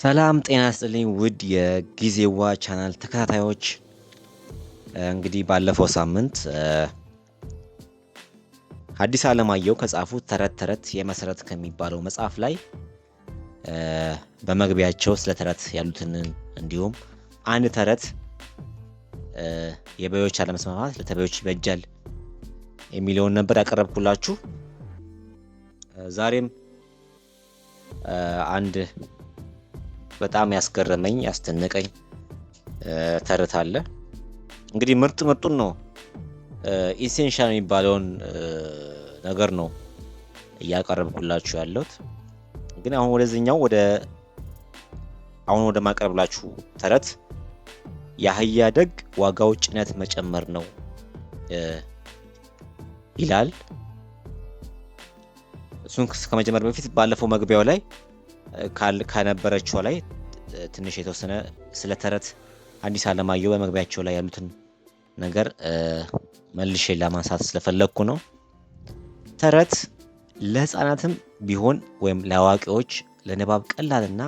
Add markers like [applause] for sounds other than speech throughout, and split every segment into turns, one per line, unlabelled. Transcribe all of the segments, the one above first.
ሰላም ጤና ስጥልኝ ውድ የጊዜዋ ቻናል ተከታታዮች፣ እንግዲህ ባለፈው ሳምንት ሀዲስ አለማየሁ ከጻፉት ተረት ተረት የመሰረት ከሚባለው መጽሐፍ ላይ በመግቢያቸው ስለ ተረት ያሉትን እንዲሁም አንድ ተረት የበዮች አለመስማማት ለተበዮች ይበጃል የሚለውን ነበር ያቀረብኩላችሁ። ዛሬም አንድ በጣም ያስገረመኝ ያስደነቀኝ ተረት አለ። እንግዲህ ምርጥ ምርጡን ነው ኢንሴንሻል የሚባለውን ነገር ነው እያቀረብኩላችሁ ያለሁት። ግን አሁን ወደዚህኛው ወደ አሁን ወደ ማቀረብላችሁ ተረት የአህያ ደግ ዋጋው ጭነት መጨመር ነው ይላል። እሱን ከመጀመር በፊት ባለፈው መግቢያው ላይ ከነበረችው ላይ ትንሽ የተወሰነ ስለ ተረት አዲስ አለማየሁ በመግቢያቸው ላይ ያሉትን ነገር መልሼ ለማንሳት ስለፈለግኩ ነው። ተረት ለህፃናትም ቢሆን ወይም ለአዋቂዎች ለንባብ ቀላልና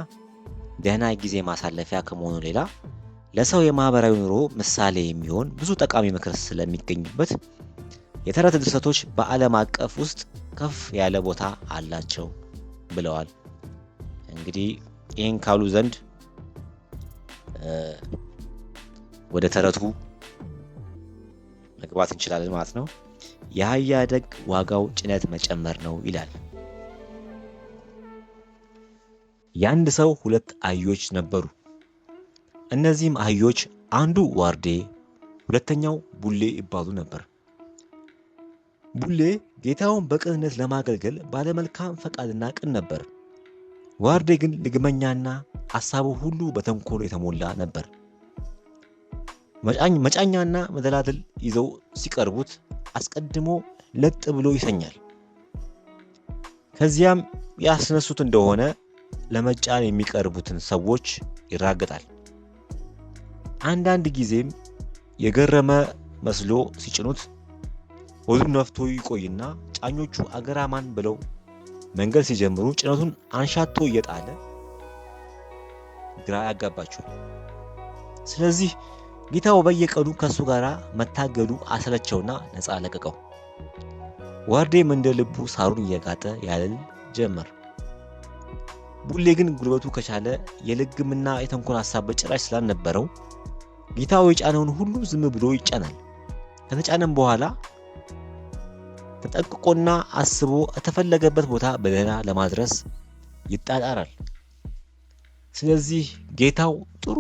ደህና ጊዜ ማሳለፊያ ከመሆኑ ሌላ ለሰው የማህበራዊ ኑሮ ምሳሌ የሚሆን ብዙ ጠቃሚ ምክር ስለሚገኝበት የተረት ድርሰቶች በዓለም አቀፍ ውስጥ ከፍ ያለ ቦታ አላቸው ብለዋል። እንግዲህ ይህን ካሉ ዘንድ ወደ ተረቱ መግባት እንችላለን ማለት ነው። የአህያ ደግ ዋጋው ጭነት መጨመር ነው ይላል። የአንድ ሰው ሁለት አህዮች ነበሩ። እነዚህም አህዮች አንዱ ዋርዴ፣ ሁለተኛው ቡሌ ይባሉ ነበር። ቡሌ ጌታውን በቅንነት ለማገልገል ባለመልካም ፈቃድና ቅን ነበር። ዋርዴ ግን ልግመኛና ሐሳቡ ሁሉ በተንኮል የተሞላ ነበር። መጫኛና መደላድል ይዘው ሲቀርቡት አስቀድሞ ለጥ ብሎ ይሰኛል። ከዚያም ያስነሱት እንደሆነ ለመጫን የሚቀርቡትን ሰዎች ይራገጣል። አንዳንድ ጊዜም የገረመ መስሎ ሲጭኑት ሆዱን ነፍቶ ይቆይና ጫኞቹ አገራማን ብለው መንገድ ሲጀምሩ ጭነቱን አንሻቶ እየጣለ ግራ ያጋባቸዋል። ስለዚህ ጌታው በየቀኑ ከእሱ ጋር መታገሉ አሰለቸውና ነፃ ለቀቀው። ዋርዴም እንደ ልቡ ሳሩን እየጋጠ ያልል ጀመር። ቡሌ ግን ጉልበቱ ከቻለ የልግምና የተንኮል ሀሳብ በጭራሽ ስላልነበረው ጌታው የጫነውን ሁሉ ዝም ብሎ ይጫናል። ከተጫነም በኋላ ተጠቅቆና አስቦ የተፈለገበት ቦታ በደህና ለማድረስ ይጣጣራል። ስለዚህ ጌታው ጥሩ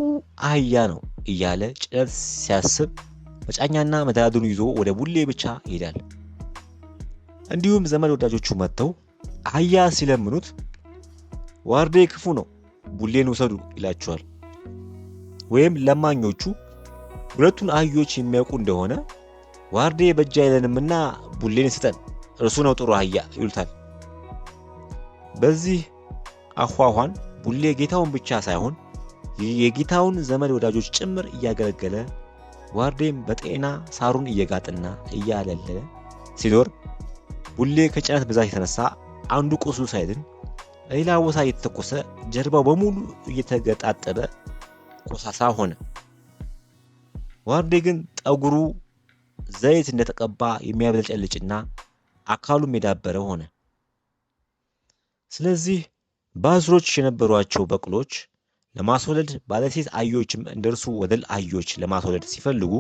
አህያ ነው እያለ ጭነት ሲያስብ መጫኛና መዳዱን ይዞ ወደ ቡሌ ብቻ ይሄዳል። እንዲሁም ዘመድ ወዳጆቹ መጥተው አህያ ሲለምኑት ዋርዴ ክፉ ነው ቡሌን ውሰዱ ይላቸዋል። ወይም ለማኞቹ ሁለቱን አህዮች የሚያውቁ እንደሆነ ዋርዴ በእጅ አይለንምና ቡሌን ስጠን፣ እርሱ ነው ጥሩ አህያ ይሉታል። በዚህ አኳኋን ቡሌ ጌታውን ብቻ ሳይሆን የጌታውን ዘመድ ወዳጆች ጭምር እያገለገለ ዋርዴም በጤና ሳሩን እየጋጠና እያለለለ ሲኖር ቡሌ ከጭነት ብዛት የተነሳ አንዱ ቁስሉ ሳይድን ሌላ ቦታ እየተተኮሰ ጀርባው በሙሉ እየተገጣጠበ ቆሳሳ ሆነ። ዋርዴ ግን ጠጉሩ ዘይት እንደተቀባ የሚያብለጨልጭና አካሉም የዳበረ ሆነ። ስለዚህ ባዝሮች የነበሯቸው በቅሎች ለማስወለድ ባለሴት አህዮችም እንደርሱ ወደል አህዮች ለማስወለድ ሲፈልጉ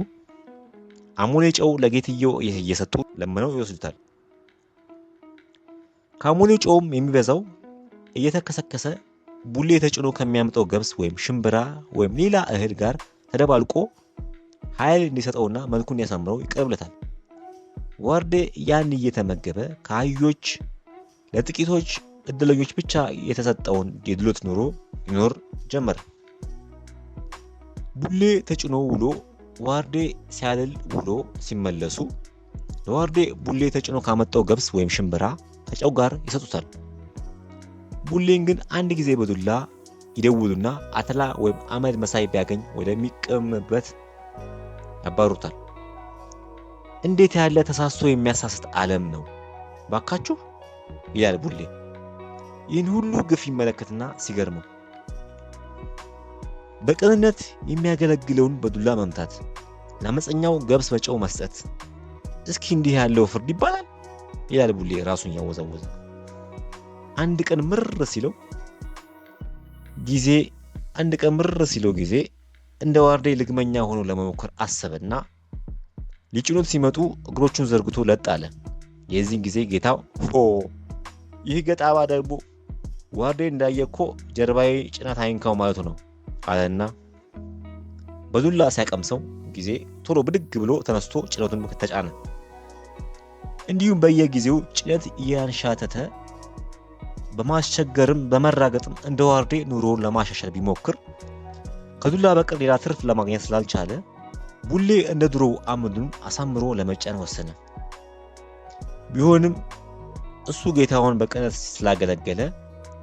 አሞሌ ጨው ለጌትየው እየሰጡ ለምነው ይወስዱታል። ከአሞሌ ጨውም የሚበዛው እየተከሰከሰ ቡሌ ተጭኖ ከሚያመጣው ገብስ ወይም ሽምብራ ወይም ሌላ እህል ጋር ተደባልቆ ኃይል እንዲሰጠውና መልኩ እንዲያሳምረው ይቀርብለታል። ወርዴ ያን እየተመገበ ከአህዮች ለጥቂቶች እድለኞች ብቻ የተሰጠውን የድሎት ኑሮ ይኖር ጀመር። ቡሌ ተጭኖ ውሎ ዋርዴ ሲያልል ውሎ ሲመለሱ ለዋርዴ ቡሌ ተጭኖ ካመጣው ገብስ ወይም ሽምብራ ከጨው ጋር ይሰጡታል። ቡሌን ግን አንድ ጊዜ በዱላ ይደውሉና አተላ ወይም አመድ መሳይ ቢያገኝ ወደሚቀምበት ያባሩታል። እንዴት ያለ ተሳስቶ የሚያሳስት ዓለም ነው ባካችሁ ይላል ቡሌ። ይህን ሁሉ ግፍ ይመለከትና ሲገርመው በቅንነት የሚያገለግለውን በዱላ መምታት፣ ለአመፀኛው ገብስ በጨው መስጠት፣ እስኪ እንዲህ ያለው ፍርድ ይባላል ይላል ቡሌ ራሱን ያወዛወዘ። አንድ ቀን ምር ሲለው ጊዜ አንድ ቀን ምር ሲለው ጊዜ እንደ ዋርዴ ልግመኛ ሆኖ ለመሞከር አሰበና ሊጭኑት ሲመጡ እግሮቹን ዘርግቶ ለጥ አለ። የዚህን ጊዜ ጌታው ሆ ይህ ገጣባ ደግሞ ዋርዴ እንዳየ እኮ ጀርባዬ ጭናት አይንካው ማለቱ ነው አለና በዱላ ሲያቀምሰው ጊዜ ቶሎ ብድግ ብሎ ተነስቶ ጭነቱን ተጫነ። እንዲሁም በየጊዜው ጭነት እያንሻተተ በማስቸገርም በመራገጥም እንደ ዋርዴ ኑሮውን ለማሻሻል ቢሞክር ከዱላ በቀር ሌላ ትርፍ ለማግኘት ስላልቻለ ቡሌ እንደ ድሮ አምዱን አሳምሮ ለመጫን ወሰነ። ቢሆንም እሱ ጌታውን በቅነት ስላገለገለ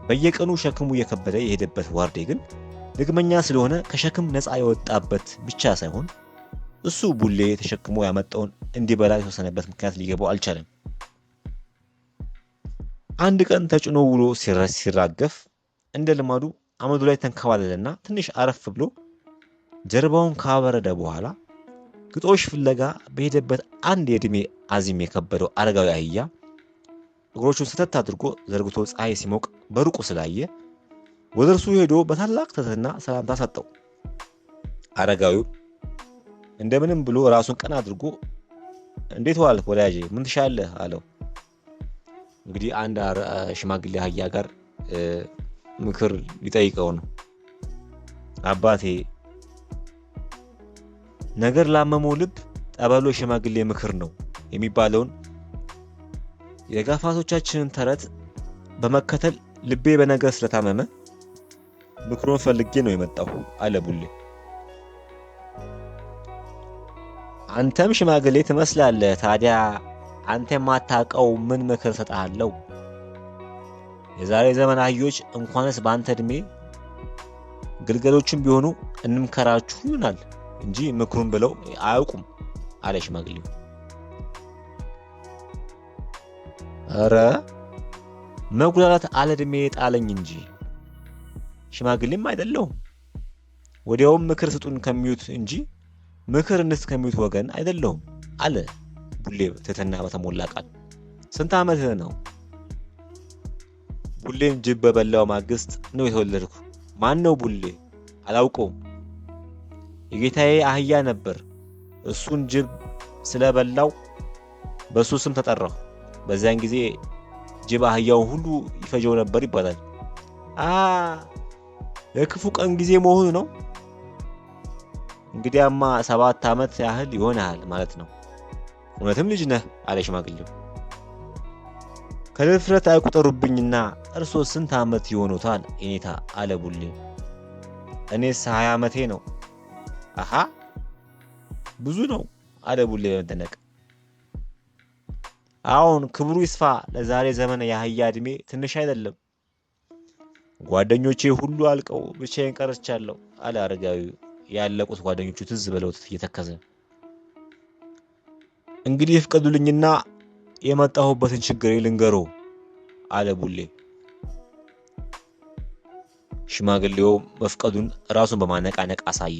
በየቀኑ ሸክሙ እየከበደ የሄደበት ዋርዴ ግን ልግመኛ ስለሆነ ከሸክም ነፃ የወጣበት ብቻ ሳይሆን እሱ ቡሌ ተሸክሞ ያመጣውን እንዲበላ የተወሰነበት ምክንያት ሊገባው አልቻለም። አንድ ቀን ተጭኖ ውሎ ሲራገፍ እንደ ልማዱ አመዱ ላይ ተንከባለለና ትንሽ አረፍ ብሎ ጀርባውን ካበረደ በኋላ ግጦሽ ፍለጋ በሄደበት አንድ የዕድሜ አዚም የከበደው አረጋዊ አህያ እግሮቹን ሰተት አድርጎ ዘርግቶ ፀሐይ ሲሞቅ በሩቁ ስላየ ወደ እርሱ ሄዶ በታላቅ ትህትና ሰላምታ ሰጠው። አረጋዊው እንደምንም ብሎ ራሱን ቀና አድርጎ እንዴት ዋልክ ወዳጄ፣ ምን ትሻለህ? አለው። እንግዲህ አንድ ሽማግሌ አህያ ጋር ምክር ሊጠይቀው ነው። አባቴ ነገር ላመመው ልብ ጠበሎ ሽማግሌ ምክር ነው የሚባለውን የጋፋቶቻችንን ተረት በመከተል ልቤ በነገር ስለታመመ ምክሮን ፈልጌ ነው የመጣሁ አለ ቡሌ። አንተም ሽማግሌ ትመስላለህ ታዲያ አንተ የማታውቀው ምን ምክር ሰጥሃለሁ? የዛሬ ዘመን አህዮች እንኳንስ በአንተ እድሜ ግልገሎችን ቢሆኑ እንምከራችሁ ይሆናል እንጂ ምክሩን ብለው አያውቁም አለ ሽማግሌው። እረ መጉላላት አለ እድሜ የጣለኝ እንጂ ሽማግሌም አይደለሁም። ወዲያውም ምክር ስጡን ከሚዩት እንጂ ምክር እንስ ከሚዩት ወገን አይደለሁም አለ ቡሌ ትህትና በተሞላ ቃል። ስንት ዓመትህ ነው? ቡሌም ጅብ በበላው ማግስት ነው የተወለድኩ። ማን ነው ቡሌ? አላውቀውም። የጌታዬ አህያ ነበር። እሱን ጅብ ስለበላው በሱ ስም ተጠራሁ። በዚያን ጊዜ ጅብ አህያውን ሁሉ ይፈጀው ነበር ይባላል። የክፉ ቀን ጊዜ መሆኑ ነው። እንግዲያማ ሰባት ዓመት ያህል ይሆናል ማለት ነው። እውነትም ልጅ ነህ አለ ሽማግሌው። ከድፍረት አይቁጠሩብኝና እርሶ ስንት ዓመት ይሆኑታል? ኢኔታ አለቡልኝ። እኔስ ሀያ ዓመቴ ነው። አሃ ብዙ ነው አለቡሌ በመደነቅ። አሁን ክብሩ ይስፋ ለዛሬ ዘመን የአህያ ዕድሜ ትንሽ አይደለም። ጓደኞቼ ሁሉ አልቀው ብቻዬን ቀርቻለሁ አለ አረጋዊ። ያለቁት ጓደኞቹ ትዝ ብለውት እየተከዘ እንግዲህ ፍቀዱልኝና የመጣሁበትን ችግር ልንገሮ አለ ቡሌ። ሽማግሌው መፍቀዱን ራሱን በማነቃነቅ አሳየ።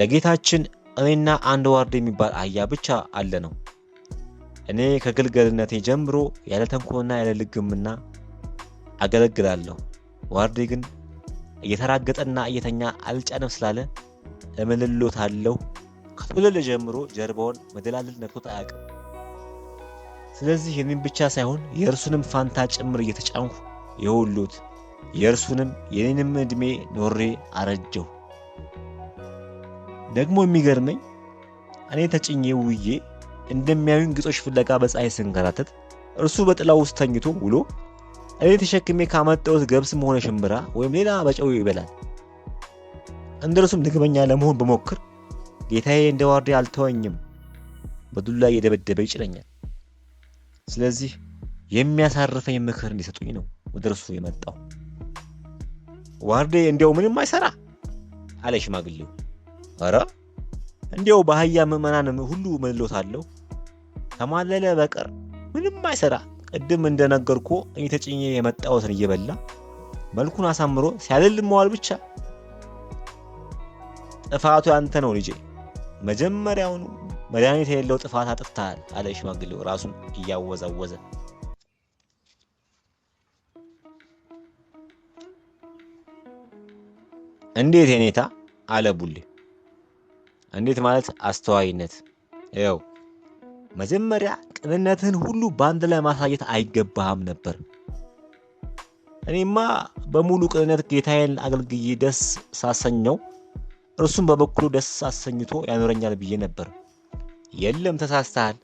ለጌታችን እኔና አንድ ዋርድ የሚባል አህያ ብቻ አለ ነው። እኔ ከግልገልነቴ ጀምሮ ያለ ተንኮና ያለ ልግምና አገለግላለሁ። ዋርዴ ግን እየተራገጠና እየተኛ አልጫነም ስላለ እምልሎታለሁ ከተወለደ ጀምሮ ጀርባውን መደላልል ነክቶት አያውቅም። ስለዚህ የኔን ብቻ ሳይሆን የእርሱንም ፋንታ ጭምር እየተጫንኩ የውሉት የእርሱንም የኔንም ዕድሜ ኖሬ አረጀሁ። ደግሞ የሚገርመኝ እኔ ተጭኜ ውዬ እንደሚያዩን ግጦሽ ፍለጋ በፀሐይ ስንከራተት እርሱ በጥላው ውስጥ ተኝቶ ውሎ እኔ ተሸክሜ ካመጣሁት ገብስም ሆነ ሽምብራ ወይም ሌላ በጨው ይበላል። እንደርሱም ንግበኛ ለመሆን በሞክር ጌታዬ እንደ ዋርዴ አልተወኝም፣ በዱላ እየደበደበ ይችለኛል። ስለዚህ የሚያሳርፈኝ ምክር እንዲሰጡኝ ነው ወደ እርሱ የመጣው። ዋርዴ እንዲያው ምንም አይሰራ አለ ሽማግሌው። ኧረ እንዲያው ባህያ ምዕመናን ሁሉ ምንሎት አለው ከማለለ በቀር ምንም አይሰራ። ቅድም እንደነገርኩ እኔ የመጣወትን እየበላ መልኩን አሳምሮ ሲያልል መዋል ብቻ። ጥፋቱ ያንተ ነው ልጄ። መጀመሪያውኑ መድኃኒት የሌለው ጥፋት አጥፍተሃል አለ ሽማግሌው ራሱን እያወዛወዘ። እንዴት የኔታ አለ ቡሌ። እንዴት ማለት አስተዋይነት። ው መጀመሪያ ቅንነትህን ሁሉ በአንድ ላይ ማሳየት አይገባህም ነበር። እኔማ በሙሉ ቅንነት ጌታዬን አገልግዬ ደስ ሳሰኘው እርሱም በበኩሉ ደስ አሰኝቶ ያኖረኛል ብዬ ነበር። የለም ተሳስተሃል።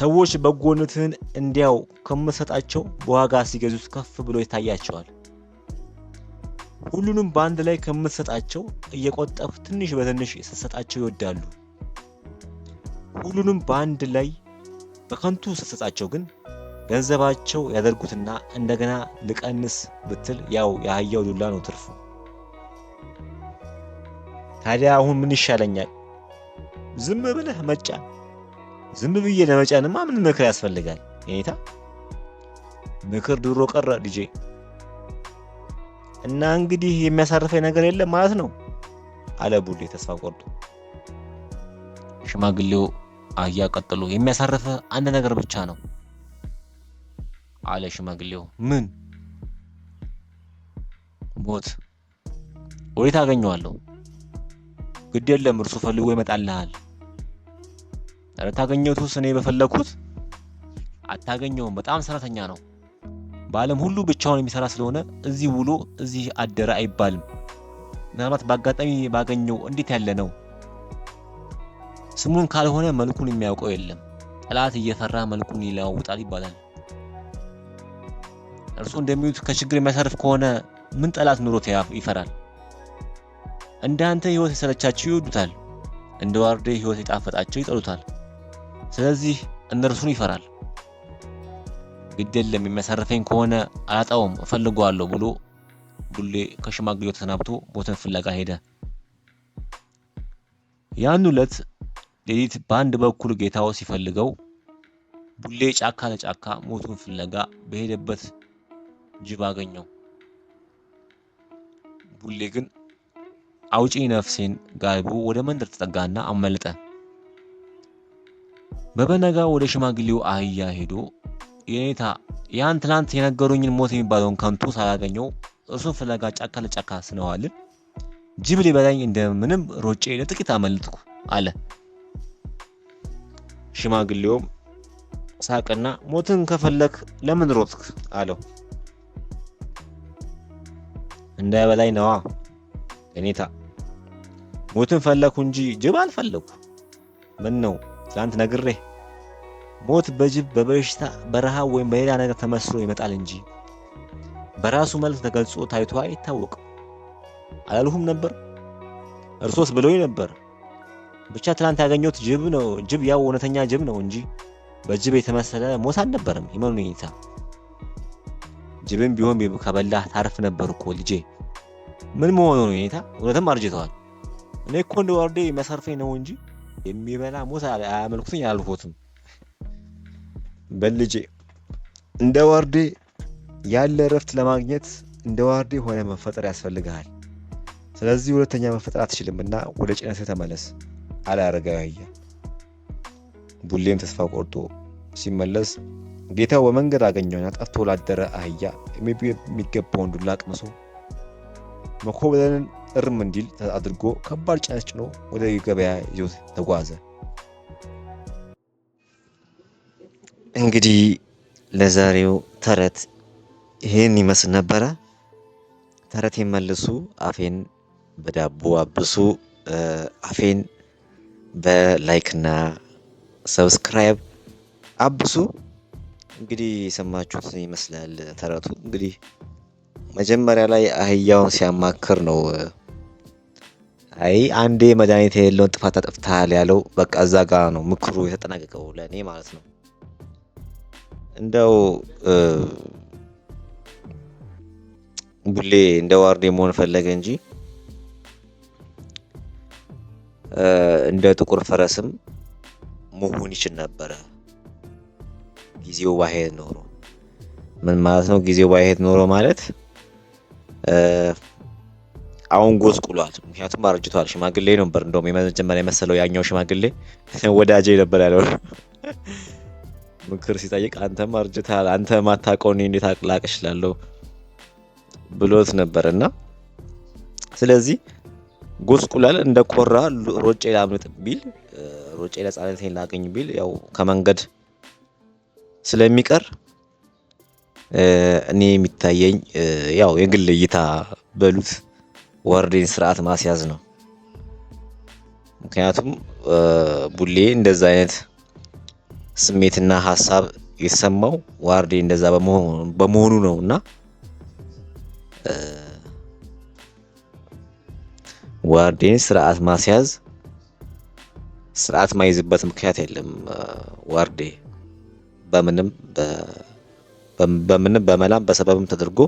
ሰዎች በጎነትህን እንዲያው ከምትሰጣቸው በዋጋ ሲገዙት ከፍ ብሎ ይታያቸዋል። ሁሉንም በአንድ ላይ ከምትሰጣቸው እየቆጠፍ ትንሽ በትንሽ ስትሰጣቸው ይወዳሉ። ሁሉንም በአንድ ላይ በከንቱ ስትሰጣቸው ግን ገንዘባቸው ያደርጉትና እንደገና ልቀንስ ብትል ያው የአህያው ዱላ ነው ትርፉ። ታዲያ አሁን ምን ይሻለኛል? ዝም ብለህ መጫን። ዝም ብዬ ለመጫንማ ምን ምክር ያስፈልጋል? ኔታ ምክር ድሮ ቀረ ልጄ። እና እንግዲህ የሚያሳርፈኝ ነገር የለም ማለት ነው አለ ቡሌ ተስፋ ቆርጦ። ሽማግሌው አያ ቀጥሎ የሚያሳርፈ አንድ ነገር ብቻ ነው አለ ሽማግሌው። ምን? ሞት። ወዴት አገኘዋለሁ? ግድ የለም እርሱ ፈልጎ ይመጣልሃል። ኧረ ታገኘሁትስ እኔ በፈለግኩት አታገኘውም። በጣም ሰራተኛ ነው። በዓለም ሁሉ ብቻውን የሚሰራ ስለሆነ እዚህ ውሎ እዚህ አደረ አይባልም። ምናልባት በአጋጣሚ ባገኘው እንዴት ያለ ነው! ስሙን ካልሆነ መልኩን የሚያውቀው የለም። ጠላት እየፈራ መልኩን ይለዋውጣል ይባላል። እርሱ እንደሚሉት ከችግር የሚያሳርፍ ከሆነ ምን ጠላት ኑሮት ይፈራል? እንደ አንተ የሰለቻቸው ይወዱታል፣ እንደ ዋርዴ ህይወት የጣፈጣቸው ይጠሉታል። ስለዚህ እነርሱን ይፈራል። ግድ የለም የሚያሳርፈኝ ከሆነ አላጣውም፣ እፈልገዋለሁ ብሎ ቡሌ ከሽማግሌው ተሰናብቶ ሞትን ፍለጋ ሄደ። ያን ዕለት ሌሊት በአንድ በኩል ጌታው ሲፈልገው ቡሌ ጫካ ለጫካ ሞቱን ፍለጋ በሄደበት ጅብ አገኘው። ቡሌ ግን አውጪ ነፍሴን ጋልቦ ወደ መንደር ተጠጋና አመለጠ። በበነጋ ወደ ሽማግሌው አህያ ሄዶ የኔታ ያን ትላንት የነገሩኝን ሞት የሚባለውን ከንቱ ሳላገኘው እሱን ፍለጋ ጫካ ለጫካ ስነዋልን ጅብ ሊበላኝ እንደምንም ሮጬ ለጥቂት አመልጥኩ አለ። ሽማግሌውም ሳቅና ሞትን ከፈለክ ለምን ሮጥክ አለው። እንዳይበላኝ ነዋ የኔታ ሞትን ፈለኩ እንጂ ጅብ አልፈለኩ። ምን ነው ትላንት ነግሬ፣ ሞት በጅብ በበሽታ በረሃብ ወይም በሌላ ነገር ተመስሎ ይመጣል እንጂ በራሱ መልክ ተገልጾ ታይቶ አይታወቅም። አላልሁም ነበር? እርሶስ ብሎኝ ነበር። ብቻ ትላንት ያገኘሁት ጅብ ነው። ጅብ ያው እውነተኛ ጅብ ነው እንጂ በጅብ የተመሰለ ሞት አልነበረም። ይመኑ ኔታ ጅብም ቢሆን ከበላህ ታርፍ ነበር እኮ ልጄ። ምን መሆኑ ነው ኔታ? እውነትም አርጅተዋል። እኔ እኮ እንደ ወርዴ መሰርፌ ነው እንጂ የሚበላ ሞት አያመልኩትኝ አልፎትም በልጄ እንደ ወርዴ ያለ እረፍት ለማግኘት እንደ ዋርዴ ሆነ መፈጠር ያስፈልግሃል። ስለዚህ ሁለተኛ መፈጠር አትችልምና ወደ ጭነት ተመለስ አለ አረጋዊ ቡሌም ተስፋ ቆርጦ ሲመለስ ጌታው በመንገድ አገኘውና ጠፍቶ ላደረ አህያ የሚገባውን ዱላ ቅምሶ መኮብለልን እርም እንዲል አድርጎ ከባድ ጭነት ጭኖ ወደ ገበያ ይዞት ተጓዘ። እንግዲህ ለዛሬው ተረት ይህን ይመስል ነበረ። ተረት የመልሱ አፌን በዳቦ አብሱ። አፌን በላይክና ሰብስክራይብ አብሱ። እንግዲህ የሰማችሁት ይመስላል ተረቱ። እንግዲህ መጀመሪያ ላይ አህያውን ሲያማክር ነው አይ አንዴ መድኃኒት የሌለውን ጥፋት አጥፍተሃል ያለው በቃ እዛ ጋ ነው ምክሩ የተጠናቀቀው ለእኔ ማለት ነው። እንደው ቡሌ እንደ ዋርዴ መሆን ፈለገ እንጂ እንደ ጥቁር ፈረስም መሆን ይችል ነበረ ጊዜው ባሄድ ኖሮ። ምን ማለት ነው ጊዜው ባሄድ ኖሮ ማለት አሁን ጎስቁሏል። ምክንያቱም አርጅቷል። ሽማግሌ ነበር እንደውም የመጀመሪያ የመሰለው ያኛው ሽማግሌ [laughs] ወዳጄ ነበር ያለው [laughs] ምክር ሲጠይቅ አንተም አርጅታል፣ አንተ ማታውቀውን እንዴት አቅላቅ እችላለሁ ብሎት ነበር እና ስለዚህ ጎስቁላል እንደ ቆራ ሮጬ ላምልጥ ቢል ሮጬ ነጻነቴን ላገኝ ቢል ያው ከመንገድ ስለሚቀር እኔ የሚታየኝ ያው የግል እይታ በሉት ወርዴን ስርዓት ማስያዝ ነው። ምክንያቱም ቡሌ እንደዛ አይነት ስሜትና ሀሳብ የተሰማው ዋርዴ እንደዛ በመሆኑ ነው እና ዋርዴን ስርዓት ማስያዝ ስርዓት ማይዝበት ምክንያት የለም። ዋርዴ በምንም በምንም በመላም በሰበብም ተደርጎ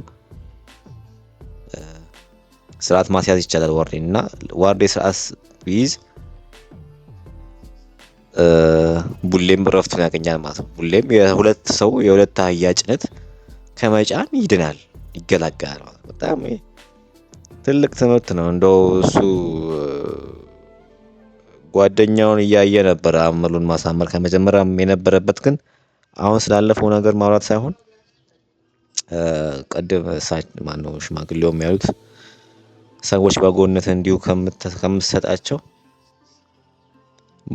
ስርዓት ማስያዝ ይቻላል። ዋርዴ እና ዋርዴ ስርዓት ቢይዝ ቡሌም ረፍቱን ያገኛል ማለት ነው። ቡሌም የሁለት ሰው የሁለት አህያ ጭነት ከመጫን ይድናል፣ ይገላገላል ማለት ነው። በጣም ትልቅ ትምህርት ነው። እንደው እሱ ጓደኛውን እያየ ነበረ አመሉን ማሳመር ከመጀመሪያም የነበረበት ግን አሁን ስላለፈው ነገር ማውራት ሳይሆን ቅድም ማነው ሽማግሌው የሚያሉት ሰዎች በጎነት እንዲሁ ከምትሰጣቸው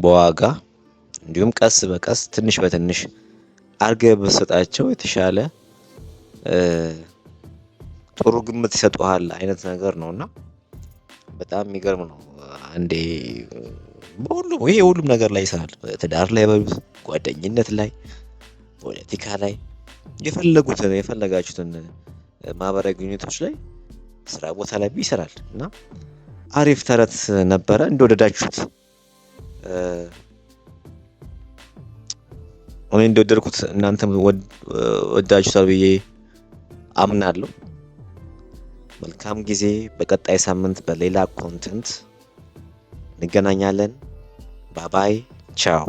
በዋጋ እንዲሁም ቀስ በቀስ ትንሽ በትንሽ አድርገህ ብትሰጣቸው የተሻለ ጥሩ ግምት ይሰጡሃል አይነት ነገር ነው እና በጣም የሚገርም ነው። አንዴ በሁሉም ይሄ ሁሉም ነገር ላይ ይሰራል። ትዳር ላይ በሉት፣ ጓደኝነት ላይ፣ ፖለቲካ ላይ የፈለጉትን የፈለጋችሁትን ማህበራዊ ግንኙነቶች ላይ ስራ ቦታ ላይ ይሰራል እና አሪፍ ተረት ነበረ። እንደወደዳችሁት እኔ እንደወደድኩት እናንተም ወዳችሁታል ብዬ አምናለሁ። መልካም ጊዜ። በቀጣይ ሳምንት በሌላ ኮንተንት እንገናኛለን። ባባይ ቻው።